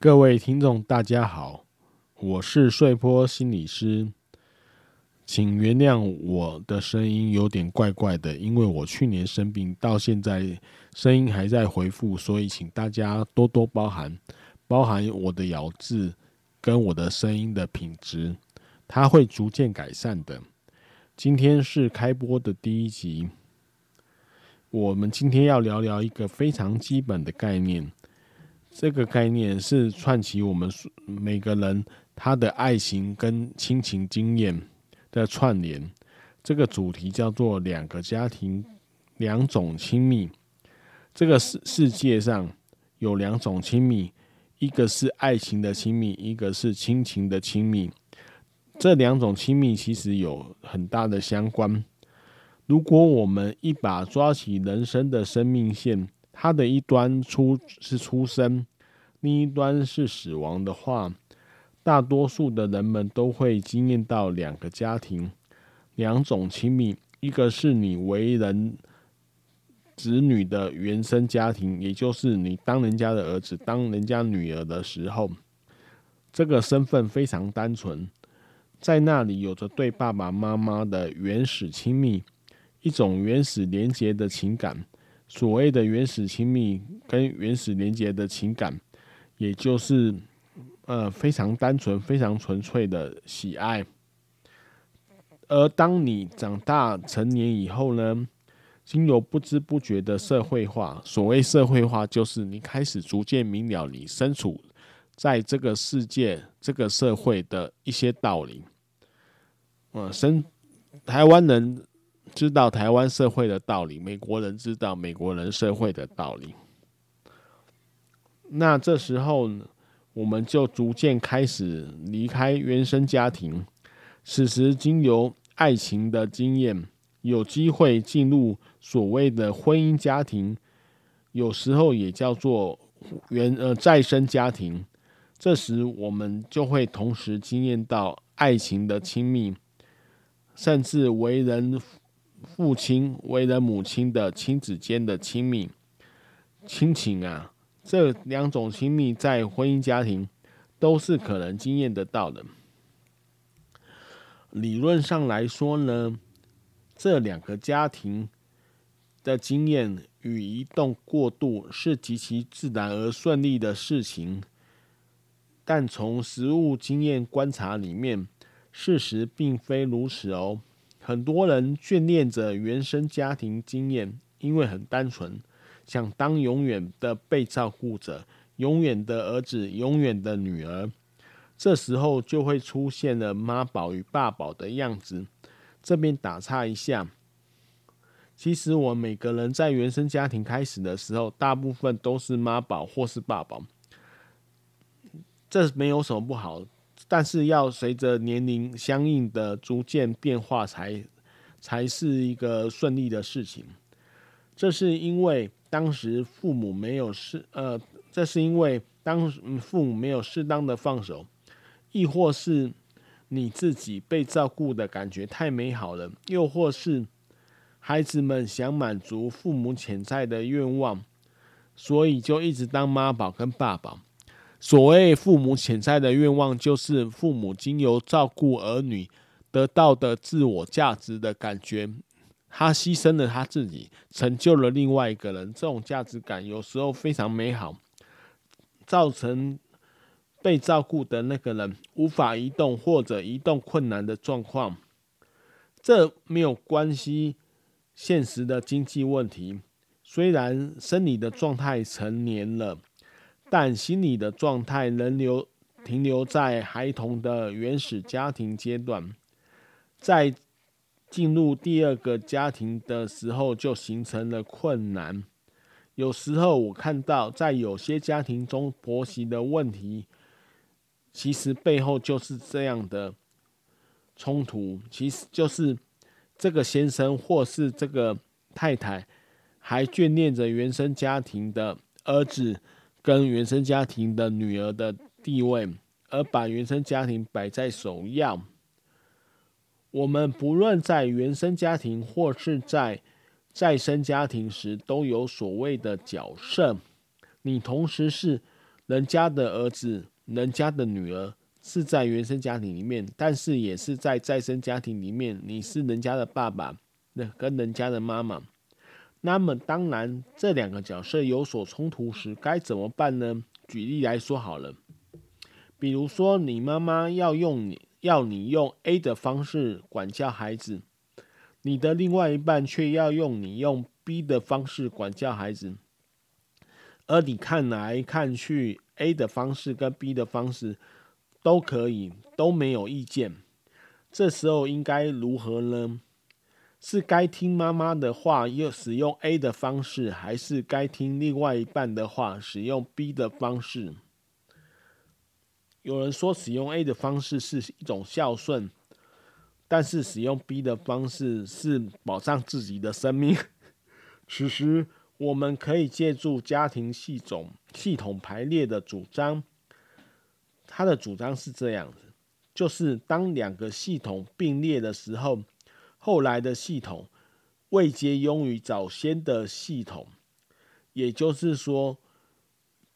各位聽眾，大家好，我是睡坡心理師，請原諒我的聲音有點怪怪的，因為我去年生病到現在，聲音還在恢復，所以請大家多多包涵，包涵我的咬字跟我的聲音的品質，它會逐漸改善的。今天是開播的第一集，我們今天要聊聊一個非常基本的概念。這個概念是串起我們每個人他的愛情跟親情經驗的串聯。這個主題叫做“兩個家庭，兩種親密”。這個世世界上有兩種親密，一個是愛情的親密，一個是親情的親密。這兩種親密其實有很大的相關。如果我們一把抓起人生的生命線，它的一端出是出生。另一端是死亡的話，大多數的人們都會經驗到兩個家庭，兩種親密。一個是你為人子女的原生家庭，也就是你當人家的兒子、當人家女兒的時候，這個身份非常單純，在那裡有着對爸爸媽媽的原始親密，一種原始連結的情感。所謂的原始親密跟原始連結的情感。也就是，呃，非常單純、非常純粹的喜愛。而當你長大成年以後呢，經由不知不覺的社會化，所謂社會化，就是你開始逐漸明了你身處在這個世界、這個社會的一些道理。嗯、呃，生台灣人知道台灣社會的道理，美國人知道美國人社會的道理。那這時候，我們就逐漸開始離開原生家庭。此時經由愛情的經驗，有機會進入所謂的婚姻家庭，有時候也叫做原呃再生家庭。這時我們就會同時經驗到愛情的親密，甚至為人父親、為人母親的親子間的親密，親情啊。這兩種親密在婚姻家庭，都是可能經驗得到的。理論上來說呢，這兩個家庭的經驗與移動過渡是極其自然而順利的事情。但從實務經驗觀察裡面，事實並非如此哦。很多人眷戀着原生家庭經驗，因為很單純。想當永遠的被照顧者，永遠的兒子，永遠的女兒，這時候就會出現了媽寶與爸寶的樣子。這邊打岔一下，其實我們每個人在原生家庭開始的時候，大部分都是媽寶或是爸寶，這沒有什麼不好，但是要隨着年齡相應的逐漸變化才，才才是一個順利的事情。這是因為。當時父母沒有適，呃，這是因為當父母沒有適當的放手，亦或是你自己被照顧的感覺太美好了，又或是孩子們想滿足父母潛在的願望，所以就一直當媽寶跟爸寶。所謂父母潛在的願望，就是父母經由照顧兒女得到的自我價值的感覺。他犧牲了他自己，成就了另外一個人。這種價值感有時候非常美好，造成被照顧的那個人無法移動或者移動困難的狀況。這沒有關係，現實的經濟問題。雖然生理的狀態成年了，但心理的狀態仍留停留在孩童的原始家庭階段，在。進入第二個家庭的時候，就形成了困難。有時候我看到，在有些家庭中，婆媳的問題，其實背後就是這樣的衝突。其實就是這個先生或是這個太太，還眷戀着原生家庭的兒子跟原生家庭的女兒的地位，而把原生家庭擺在首要。我們不論在原生家庭或是在再生家庭時，都有所謂的角色。你同時是人家的兒子、人家的女兒，是在原生家庭裡面，但是也是在再生家庭裡面，你是人家的爸爸，跟人家的媽媽。那麼，當然這兩個角色有所衝突時，該怎麼辦呢？舉例來說好了，比如說你媽媽要用你。要你用 A 的方式管教孩子，你的另外一半卻要用你用 B 的方式管教孩子，而你看來看去，A 的方式跟 B 的方式都可以，都沒有意見。這時候應該如何呢？是該聽媽媽的話，又使用 A 的方式，還是該聽另外一半的話，使用 B 的方式？有人說，使用 A 的方式是一種孝順，但是使用 B 的方式是保障自己的生命。此時，我們可以借助家庭系統，系統排列的主張。他的主張是這樣子，就是當兩個系統並列的時候，後來的系統未接用於早先的系統，也就是說。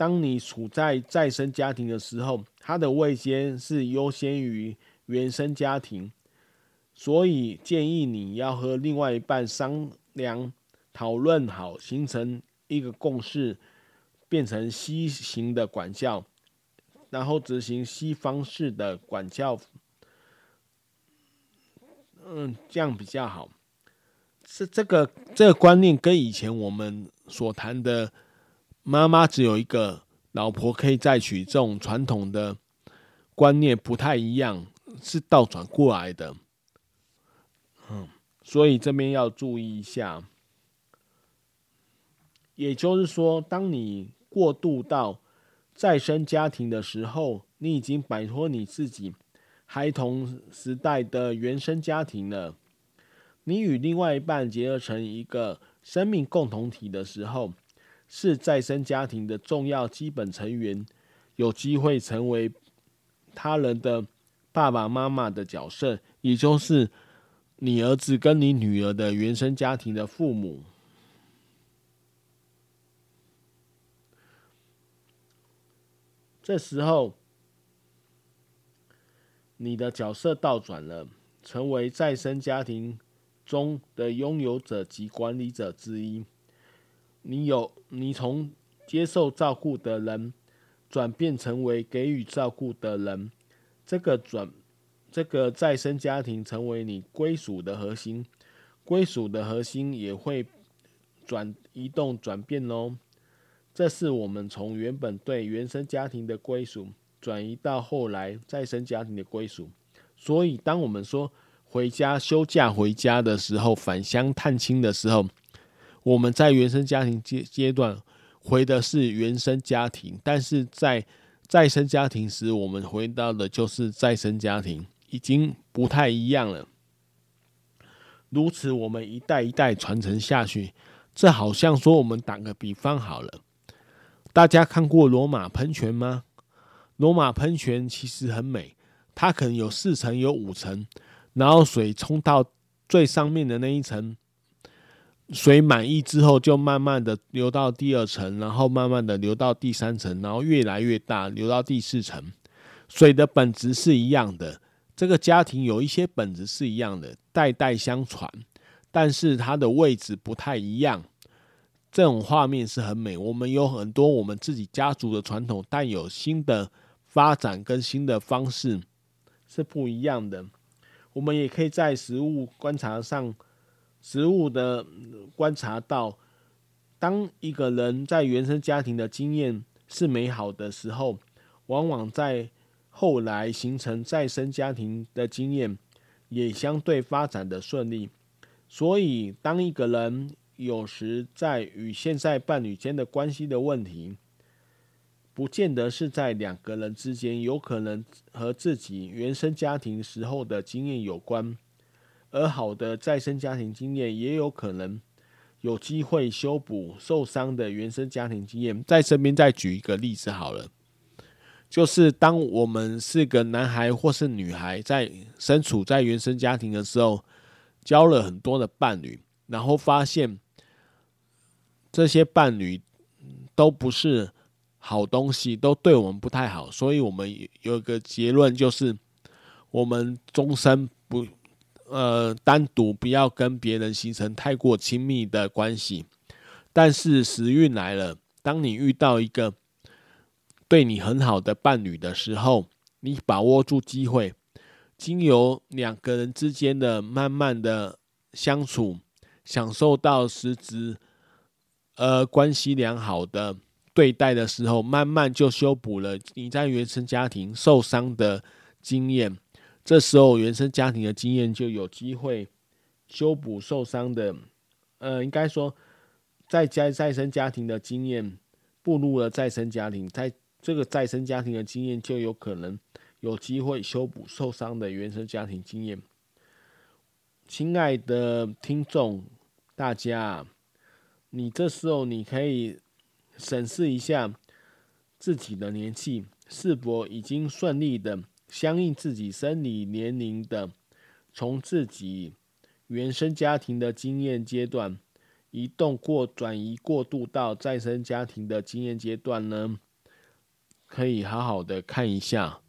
當你處在再生家庭的時候，他的位先是優先於原生家庭，所以建議你要和另外一半商量、討論好，形成一個共識，變成西行的管教，然後執行西方式的管教。嗯，這樣比較好。是這個這個觀念跟以前我們所談的。媽媽只有一個，老婆可以再娶，這種傳統的觀念不太一樣，是倒轉過來的。嗯，所以這邊要注意一下。也就是說，當你過渡到再生家庭的時候，你已經擺脫你自己孩童時代的原生家庭了。你與另外一半結合成一個生命共同體的時候。是再生家庭的重要基本成員，有機會成為他人的爸爸媽媽的角色，也就是你兒子跟你女兒的原生家庭的父母。這時候，你的角色倒轉了，成為再生家庭中的擁有者及管理者之一。你有你從接受照顧的人轉變成為給予照顧的人，這個轉這個再生家庭成為你歸屬的核心，歸屬的核心也會轉，移動轉變哦，這是我們從原本對原生家庭的歸屬轉移到後來再生家庭的歸屬。所以，當我們說回家休假回家的時候，返鄉探親的時候。我們在原生家庭階階段回的是原生家庭，但是在再生家庭時，我們回到的就是再生家庭，已經不太一樣了。如此，我們一代一代傳承下去，這好像說我們打個比方好了，大家看過羅馬噴泉嗎？羅馬噴泉其實很美，它可能有四層，有五層，然後水沖到最上面的那一層。水滿溢之後，就慢慢的流到第二層，然後慢慢的流到第三層，然後越來越大，流到第四層。水的本質是一樣的，這個家庭有一些本質是一樣的，代代相傳，但是它的位置不太一樣。這種畫面是很美。我們有很多我們自己家族的傳統，但有新的發展跟新的方式是不一樣的。我們也可以在食物觀察上。實務的觀察到，當一個人在原生家庭的經驗是美好的時候，往往在後來形成再生家庭的經驗也相對發展的順利。所以，當一個人有時在與現在伴侶間的關係的問題，不見得是在兩個人之間，有可能和自己原生家庭時候的經驗有關。而好的再生家庭經驗也有可能有機會修補受傷的原生家庭經驗。在身邊再舉一個例子好了，就是當我們是個男孩或是女孩，在身處在原生家庭的時候，交了很多的伴侶，然後發現這些伴侶都不是好東西，都對我們不太好，所以我們有個結論就是，我們終身不。呃，單獨不要跟別人形成太過親密的關係。但是時運來了，當你遇到一個對你很好的伴侶的時候，你把握住機會，經由兩個人之間的慢慢的相處，享受到實質呃關係良好的對待的時候，慢慢就修補了你在原生家庭受傷的經驗。這時候，原生家庭的經驗就有機會修補受傷的，呃，應該說，在家再生家庭的經驗，步入了再生家庭，在這個再生家庭的經驗就有可能有機會修補受傷的原生家庭經驗。親愛的聽眾，大家，你這時候你可以審視一下自己的年紀是否已經順利的。相應自己生理年齡的，從自己原生家庭的經驗階段，移動過，轉移過渡到再生家庭的經驗階段呢，可以好好的看一下。